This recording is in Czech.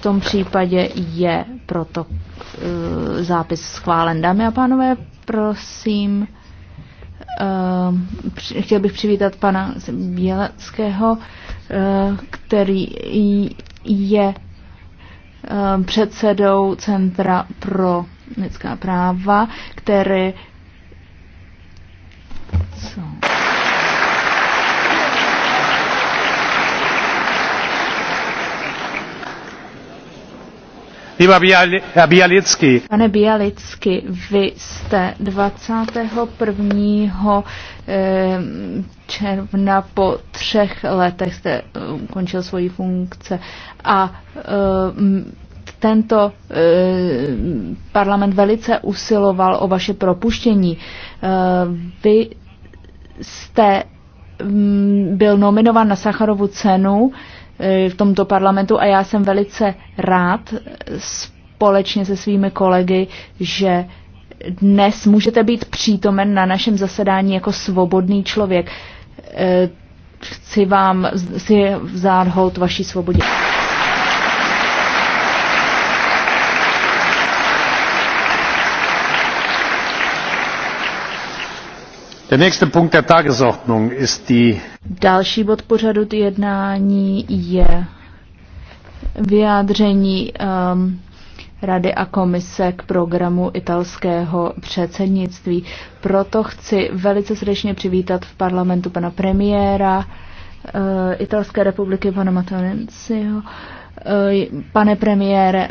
V tom případě je proto eh, zápis schválen. Dámy a pánové, prosím, eh, chtěl bych přivítat pana Běleckého, eh, který je předsedou Centra pro lidská práva, který co? Bialicky. Pane Bialicky, vy jste 21. Ehm, června po třech letech jste ehm, ukončil svoji funkce a ehm, tento parlament velice usiloval o vaše propuštění. Vy jste mm, byl nominován na Sacharovu cenu v tomto parlamentu a já jsem velice rád společně se svými kolegy, že dnes můžete být přítomen na našem zasedání jako svobodný člověk. Eh, chci vám si vzát hold vaší svobodě. Další bod pořadu jednání je vyjádření um, Rady a komise k programu italského předsednictví. Proto chci velice srdečně přivítat v parlamentu pana premiéra uh, Italské republiky, pana Matonenciho. Uh, eh, pane premiére,